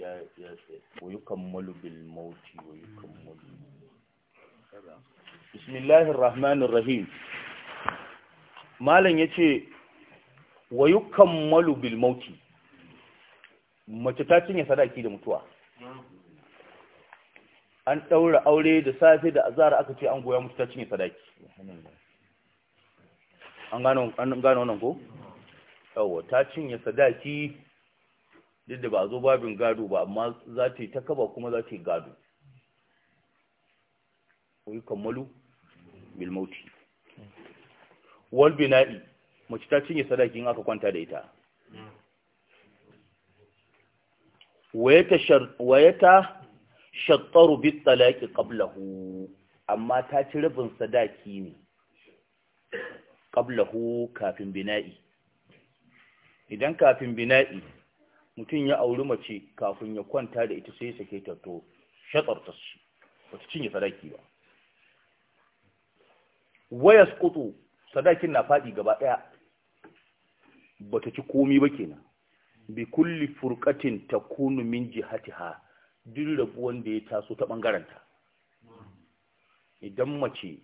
ya ya wa yukammalu mauti wa yukammalu bismillahir rahmanir rahim malam yace wa yukammalu bil mauti mace ta cinye sadaki da mutuwa an ɗaura aure da safe da azara aka ce an goya mutu ta cinye sadaki an gano nan ko? yawo ta cinye sadaki duk ba zo babin gado ba amma za ta yi ta kaba kuma za ta yi gado wai kammalu bilmauti wal bina'i mace ta cinye sadakin aka kwanta da ita wayata shattaru bi talaqi qablahu amma ta ci rabin sadaki ne qablahu kafin bina'i idan kafin bina'i mutum ya auri mace kafin ya kwanta da ita sai sake ta to shatsarta su wata cinye sadaki ba waya skutu sadakin na faɗi gaba ɗaya ba ta ci komi ba kenan bi kulli furqatin takunu min jihatiha duk rabuwan da ya taso ta ta. idan mace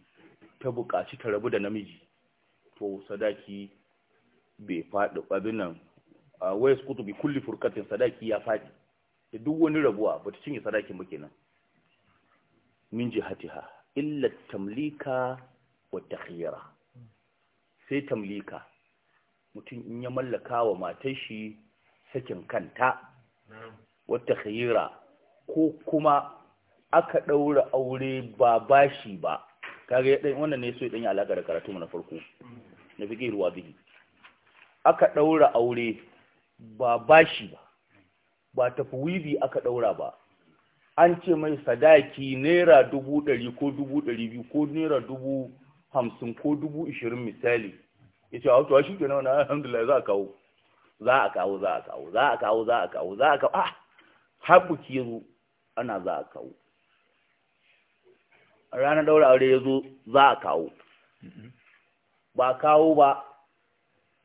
ta buƙaci ta rabu da namiji to sadaki bai faɗi abin nan Ah, wa yasqutu bi kulli furqatin sadaki ya fadi da duk wani rabuwa ba ta cinye sadakin ba kenan min jihatiha illa tamlika wa takhira sai tamlika mutum in ya mallaka wa matar shi sakin kanta wa takhira ko kuma aka daura aure ba bashi ba kage dan wannan ne sai dan ya alaka da karatu na farko na fikir ruwa bihi aka daura aure ba bashi ba ba tafi aka ɗaura ba an ce mai sadaki naira dubu ɗari ko dubu ɗari biyu ko naira dubu hamsin ko dubu ishirin misali ya ce wato shi ke nauna alhamdulillah za a kawo za a kawo za a kawo za a kawo za a kawo za a kawo ah har buki ya zo ana za a kawo ranar ɗaura aure ya zo za a kawo mm-hmm. ba kawo ba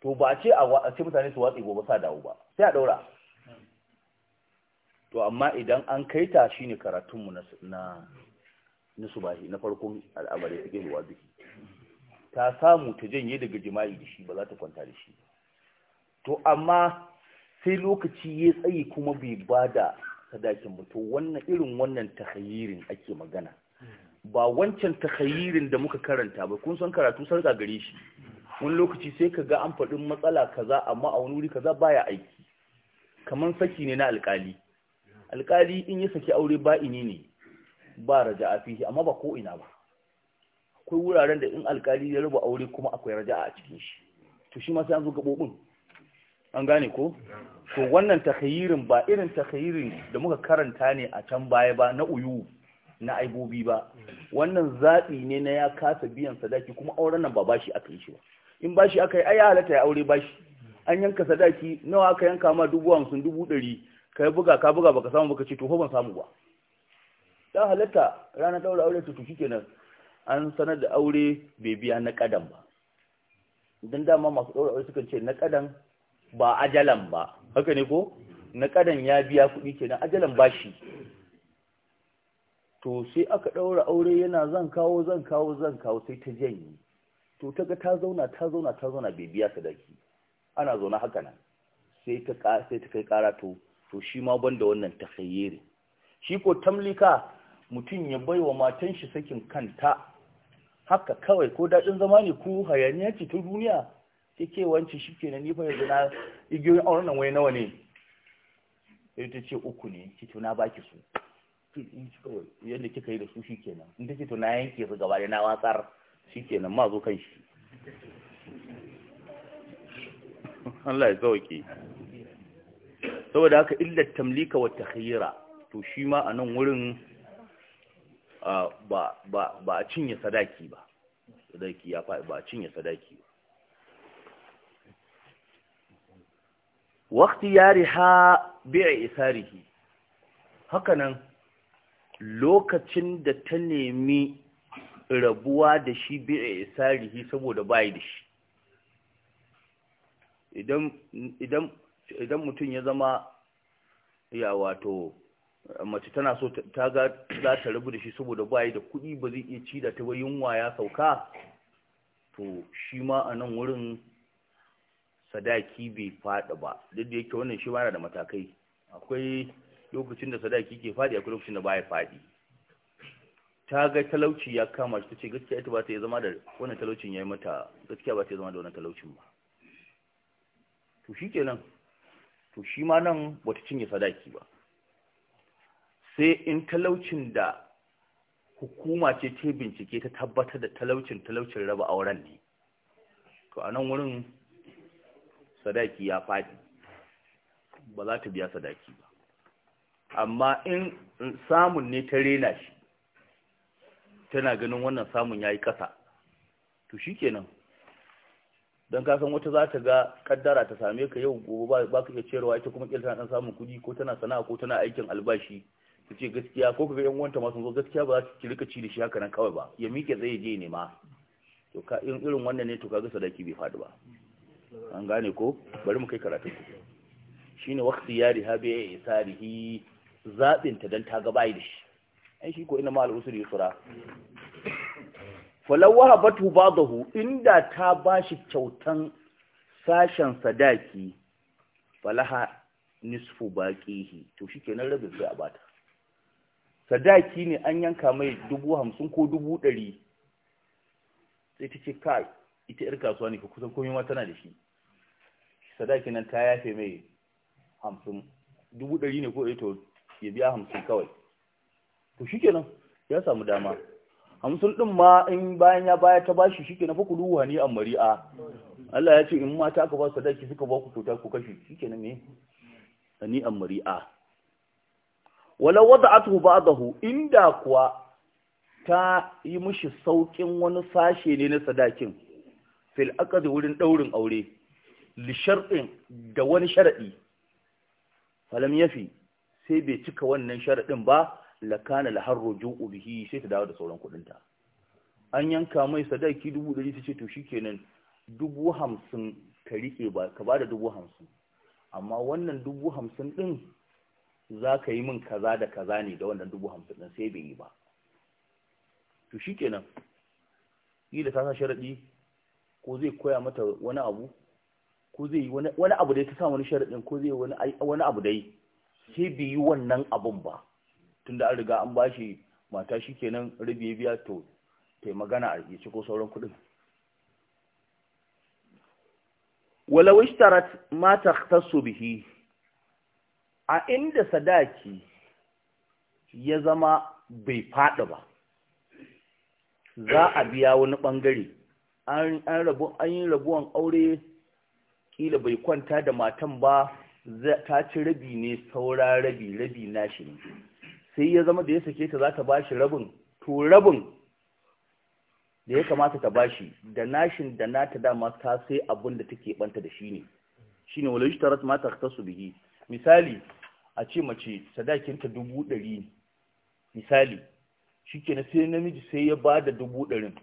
to ba ce a ce mutane su watsi gobe sa dawo ba sai a daura to amma idan an kai ta shi ne karatunmu na nisu na na farkon al'amari suke ruwa duki ta samu ta janye daga jima'i da shi ba za ta kwanta da shi to amma sai lokaci ya tsayi kuma bai ba da sadakin ba to wannan irin wannan takhayirin ake magana ba wancan takhayirin da muka karanta ba kun san karatu sarka gare shi wani lokaci sai ka ga an faɗin matsala kaza amma a wani wuri kaza baya aiki kamar saki ne na alkali alkali in ya saki aure ba ini ne ba raja a fihi amma ba ko ina ba akwai wuraren da in alkali ya raba aure kuma akwai raja a cikin shi to shi ma sai an zo gabobin an gane ko to wannan takhayirin ba irin takhayirin da muka karanta ne a can baya ba na uyu na aibobi ba wannan zaɓi ne na ya kasa biyan sadaki kuma auren nan ba bashi aka yi shi ba in bashi aka yi ayi halatta ya aure bashi an yanka sadaki nawa aka yanka ma dubu hamsin dubu ɗari ka yi buga ka buga baka samu baka ce to ban samu ba Dan halatta rana ɗaura aure to shi kenan an sanar da aure bai biya na ƙadan ba Idan dama masu ɗaura aure sukan ce na ƙadan ba ajalan ba haka ne ko na ƙadan ya biya kuɗi kenan ajalan bashi to sai aka ɗaura aure yana zan kawo zan kawo zan kawo sai ta janye to ta ga ta zauna ta zauna ta zauna bai biya sadaki ana zaune haka nan sai ta sai ta kai kara to to shi ma banda wannan takhayyiri shi ko tamlika mutum ya baiwa matan shi sakin kanta haka kawai ko daɗin zama ne ku hayaniya ce ta duniya sai ke shi ke nan nifa yanzu na igiyoyin auren nan wai nawa ne sai ta ce uku ne ki to na baki su yadda kika yi da su shi kenan in ta to na yanke su gaba da na watsar shikenan ma zo kan shi Allah ya ke, saboda haka illar tamlika wa takhayyura to shi ma a nan wurin ba a cinye sadaki ba sadaki ya faɗi ba a cinye sadaki ba wakti yari ha bi'a haka hakanan lokacin da ta nemi rabuwa da shi bi isarihi saboda bayi da shi idan mutum ya zama ya wato mace tana so ta ga za ta rabu da shi saboda bayi da kuɗi ba zai iya ci da ta ba yunwa ya sauka to shi ma a nan wurin sadaki bai fada ba duk da yake wannan shi ma yana da matakai akwai lokacin da sadaki ke fadi akwai lokacin da baya fadi. ta ga talauci ya kama shi tace gaskiya ita ba ta zama da wannan talaucin ya mata gaskiya ba ta zama da wannan talaucin ba to shi to shi ma nan ba cinye sadaki ba sai in talaucin da hukuma ce ta bincike ta tabbatar da talaucin talaucin raba auren ne to a nan wurin sadaki ya faɗi ba za ta biya sadaki ba amma in samun ne ta rena shi tana ganin wannan samun ya yi ƙasa. to shi nan don kasan wata za ta ga kaddara ta same ka yau gobe ba ka iya cewa ita kuma kilta tana samun kuɗi ko tana sana'a ko tana aikin albashi ta ce gaskiya ko ka ga yan uwanta masu gaskiya ba za ki rika ci da shi haka nan kawai ba ya miƙe tsaye je ne ma to ka in irin wannan ne to kaga sadaki bai faɗi ba an gane ko bari mu kai karatu shine waqti yari ha ya isarihi zabin ta dan ta ga bayi da shi ai shi ko inna ma al'usri yusra falau ba zahu, inda ta ba shi kyautan sashen sadaki falaha nisfu baqihi to shi ke nan rabin sai a bata sadaki ne an yanka mai dubu hamsin ko dubu ɗari sai ta ce ka ita ‘yar kasuwa ne ka kusan komi ma tana da shi sadaki nan ta yafe mai hamsin dubu ɗari ne ko ito eh, ya biya hamsin kawai to shikenan ya samu dama hamsin din ma in bayan ya baya ta bashi kenan fa kulu ni an mari'a Allah ya ce in mata aka ba sadaki suka ba ku kyauta ku kashi shikenan ne ni an mari'a wala wada'atuhu ba'dahu inda kuwa ta yi mishi saukin wani sashe ne na sadakin fil aqd wurin daurin aure li shar'in da wani sharadi falam yafi sai bai cika wannan sharadin ba lakana lahar ruju'u bihi sai ta dawo da sauran kuɗinta an yanka mai sadaki dubu ɗari ta ce to shikenan dubu hamsin ka rike ba ka ba da dubu hamsin amma wannan dubu hamsin ɗin za ka yi min kaza da kaza ne da wannan dubu hamsin ɗin sai bai yi ba to shikenan kila ta sa sharaɗi ko zai koya mata wani abu ko zai yi wani abu da ya ta sa wani sharaɗin ko zai wani abu dai, sai bai yi wannan abun ba tunda an riga an ba shi mata shi kenan rabi biya to tai magana a ya ko sauran kuɗin walau ishtarat ta so bihi a inda sadaki ya zama bai faɗa ba za a biya wani ɓangare an yi rabuwan aure kila bai kwanta da matan ba ta ci rabi ne saura rabi rabi nashi ne sai ya zama da ya sake ta za ta ba shi rabin to rabin da ya kamata ta ba shi, da nashin da na ta dama ta sai abin da take banta da shi ne Shi shi ne ta rasu mata ta su bihi misali a ce mace sadakinta dubu ɗari misali shi ke na sai namiji sai ya ba da dubu ɗarin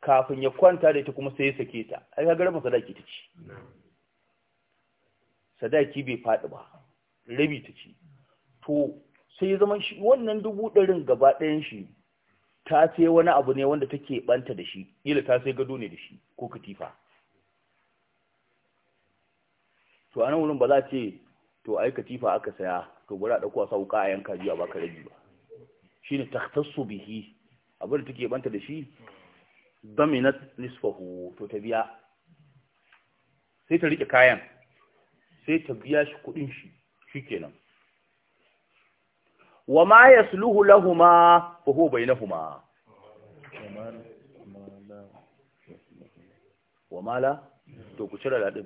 kafin ya kwanta da ita kuma sai ya sake ta ai ga garba sadaki ta ci sadaki bai faɗi ba rabi ta ci to sai zama shi wannan dubu ɗarin gaba ɗayan shi ta sai wani abu ne wanda take ɓanta da shi ila ta sai gado ne da shi ko katifa to a wurin ba za ce to ai katifa aka saya to bari a ɗauko a sa wuƙa a yanka biyu a baka rabi ba shine su bihi abin da take ɓanta da shi dominat nisfahu to ta biya sai ta riƙe kayan sai ta biya shi kuɗin shi shi kenan. wa ma suluhu lahuma bai na bainahuma wa mala to ku cire ladin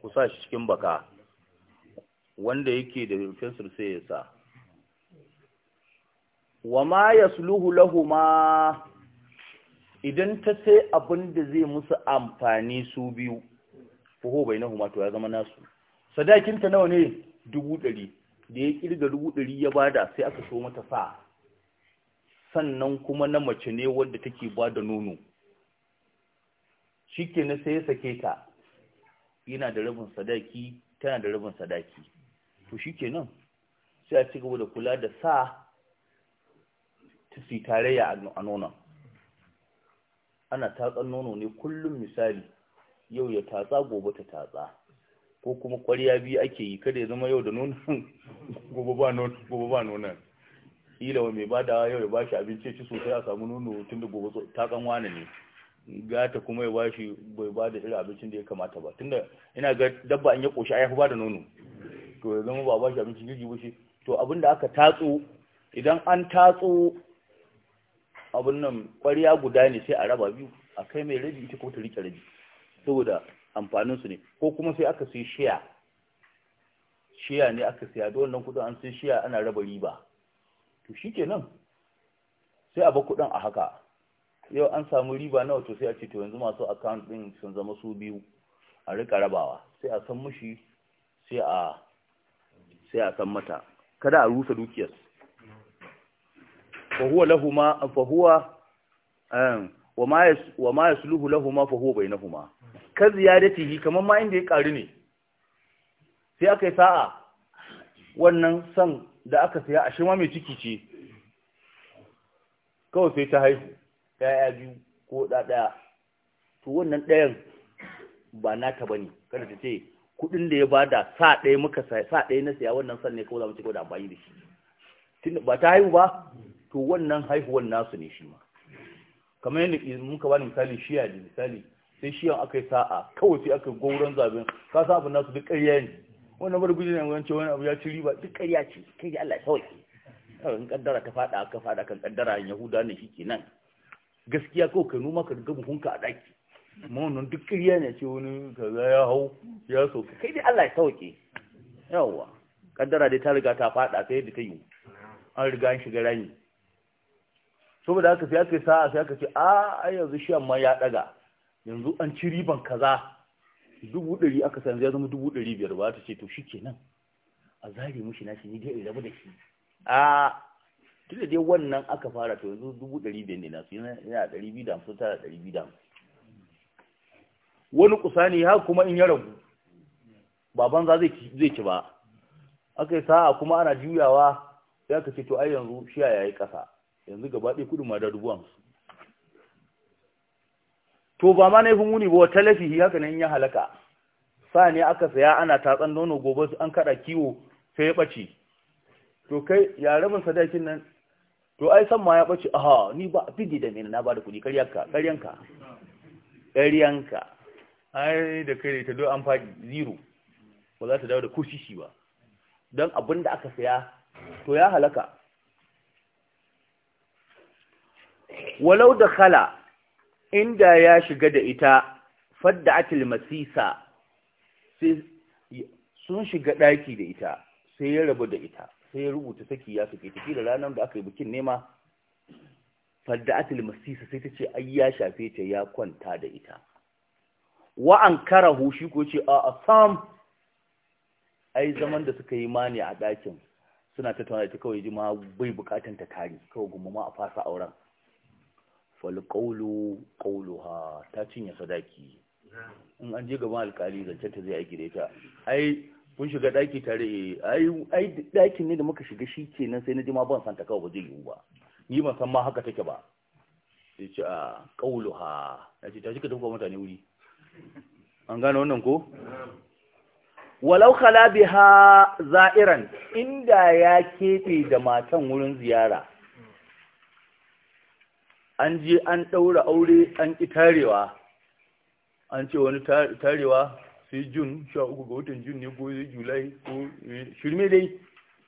ku sa shi cikin baka wanda yake da rufin sai ya sa wa ma suluhu lahuma idan ta sai abin da zai musu amfani su biyu fuhu bainahuma to ya zama nasu sadakinta nawa ne dubu ɗari da ya ƙirga dubu ɗari ya bada sai aka so mata sa sannan kuma na mace ne wanda take ba da nono shi na sai ya sake ta yana da rabin sadaki tana da rabin sadaki to shi kenan sai a ci gaba da kula da sa ta fi tarayya a nonon ana tatsan nono ne kullum misali yau ya tatsa gobe ta tatsa ko kuma ƙwarya biyu ake yi kada ya zama yau da nuna, gobe ba nonon ila wa mai bada yau ya bashi abinci ci sosai a samu nono tun da gobe ta kanwana ne gata kuma ya bashi bai bada irin abincin da ya kamata ba tunda ina ga dabba an ya koshi ai ba da nono to ya zama ba bashi abincin jirgi ba shi to abin da aka tatso idan an tatso abin nan ƙwarya guda ne sai a raba biyu a kai mai rabi ita ko ta rike rabi saboda amfanin su ne ko kuma sai aka sai shiya shiya ne aka siya da wannan kudin an sai shiya ana raba riba to shikenan sai a ba kudin a haka yau an samu riba nawa to sai a ce to yanzu masu account din sun zama su biyu a rika rabawa sai a san mushi sai a sai a san mata kada a rusa dukiyar fa huwa lahuma fa huwa eh, wa ma yasluhu lahuma fa huwa bainahuma ka ziyaratihi kamar ma inda ya ƙaru ne sai aka yi sa'a wannan san da aka saya a shima mai ciki ce kawai sai ta haihu yaya biyu ko ɗaɗaya to wannan ɗayan ba naka ba ne kada ta ce kuɗin da ya bada sa ɗaya muka sa ɗaya na saya wannan san ne kawai za mu ci gaba da amfani da shi ba ta haihu ba to wannan haihuwan nasu ne shi ma kamar yadda muka ba da misali shiya da misali sai shi yau aka yi sa'a kawai sai aka gauran zaben ka sa abin nasu duk ƙarya ne wannan bar gudu ne ce wani abu ya ci riba duk ƙarya ce kai ya Allah kawai in kaddara ta fada ka fada kan kaddara yahuda ne shi nan gaskiya kawai ka noma ka gabu hunka a daki amma wannan duk ƙarya ne ce wani kaza ya hau ya sauka kai da Allah ya sauke yawwa kaddara dai ta riga ta fada sai da ta yi an riga an shiga rani saboda haka sai aka yi sa'a sai aka ce a ah, yanzu shi amma ya daga yanzu an ci riban kaza dubu ɗari aka sa yanzu ya zama dubu ɗari biyar ba ta ce to shi ke nan. a zare mushi na shi ni dai rabu da shi a tun da dai wannan aka fara to yanzu dubu ɗari biyar ne nasu yana ɗari biyu da hamsin tara ɗari biyu da hamsin wani kusa ne ha kuma in ya rabu ba banza zai ci ba aka yi sa'a kuma ana juyawa ya ka ce to ai yanzu shi ya yi ƙasa yanzu gaba ɗaya kuɗin ma da dubu hamsin to ba ma naifin muni ba wata lafihi haka nan ya halaka sa ne aka saya ana tatsan nono gobe su an kada kiwo sai ya bace to kai ya rabin sadakin nan to ai san ma ya bace aha ni ba fidi da mena na ba da kudi karyanka karyanka karyanka ai da kai ta do an faɗi zero ba za ta dawo da kushishi ba don abin da aka saya to ya halaka walau da khala inda ya shiga da ita fadda atil masisa sun shiga ɗaki da ita sai ya rabu da ita sai ya rubuta saki ya suke tafi da ranar da aka yi bikin nema fadda atil masisa sai ta ce ai ya shafe ta ya kwanta da ita wa an karahu shi ko ce a sam ai zaman da suka yi mani a ɗakin suna tattauna ita kawai ji ma bai bukatan ta kari, kawai gumma a fasa auren wal qawlu qawluha ta cinye sadaki in an je gaban alkali zance ta zai aiki da ita ai kun shiga daki tare ai ai dakin ne da muka shiga shi kenan sai na ji ma ban san ta kawai ba zai yiwu ba ni ban san ma haka take ba sai ce a ah, qauluha ce ta shiga tafi mutane wuri an gane wannan ko walau khala biha za'iran inda ya kebe da matan wurin ziyara an je an ɗaura aure an ƙi tarewa an ce wani tarewa sai jun sha uku ga watan jun ne ko julai ko shirme dai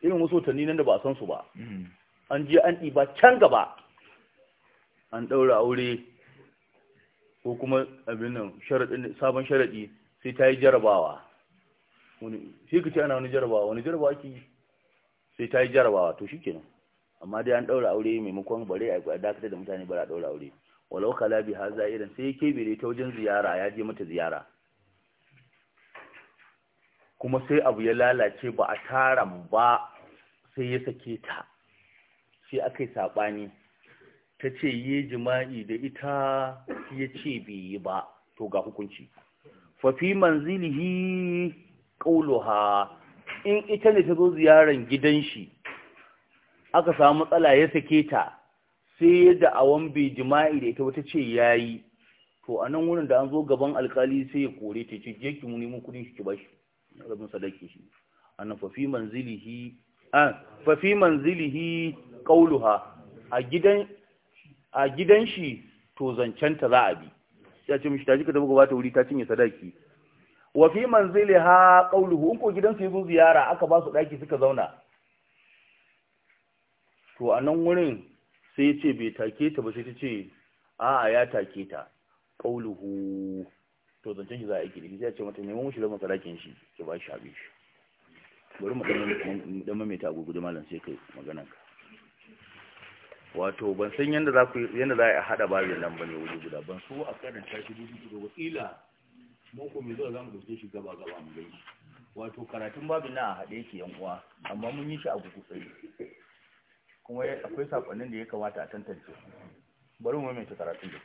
irin wasu watanni nan da ba a san su ba mm-hmm. an je an ɗiba can gaba an ɗaura aure ko kuma abin nan sabon sharaɗi sai ta yi jarabawa wani sai ka ce ana wani jarabawa wani jarabawa ki sai ta yi jarabawa to shi kenan amma dai an daura aure maimakon bare a dakatar da mutane bara daura aure walau kala bi haza irin sai yake bire ta wajen ziyara ya je mata ziyara kuma sai abu ya lalace ba a taran ba sai ya sake ta sai aka yi saɓani ta ce yi jima'i da ita ya ce bai yi ba to ga hukunci fafi manzilihi ƙauluha in ita ne ta zo ziyaran gidan shi aka samu matsala ya sake ta sai ya awon bai jima'i da ita wata ce ya yi to a nan wurin da an zo gaban alkali sai ya kore ta ce je ki nemo kudin shi ki bashi rabin sadaki shi annan fa fi manzilihi an fa fi manzilihi qauluha a gidan a gidan shi to ta za a bi ya ce mishi ta jika tabu gaba ta wuri ta cinye sadaki wa fi manziliha qauluhu in ko gidan su yazo ziyara aka ba su daki suka zauna to a nan wurin sai ce bai take ta ba sai ta ce a'a ya take ta qauluhu to zancen shi za a yi kiri sai ya ce mata neman mushi da masalakin shi ki ba shi abin shi bari mu dan ta agogo da malam sai kai magana ka wato ban san yanda za ku yanda za a hada babin nan bane wuri guda ban so a karanta shi dubu guda wakila mun ko me zo za da dauke shi gaba gaba mu gani wato karatun babu na a hade yake yan uwa amma mun yi shi a gugu tsaye kuma akwai sakonnin da ya kamata a tantance bari mu mai karatun da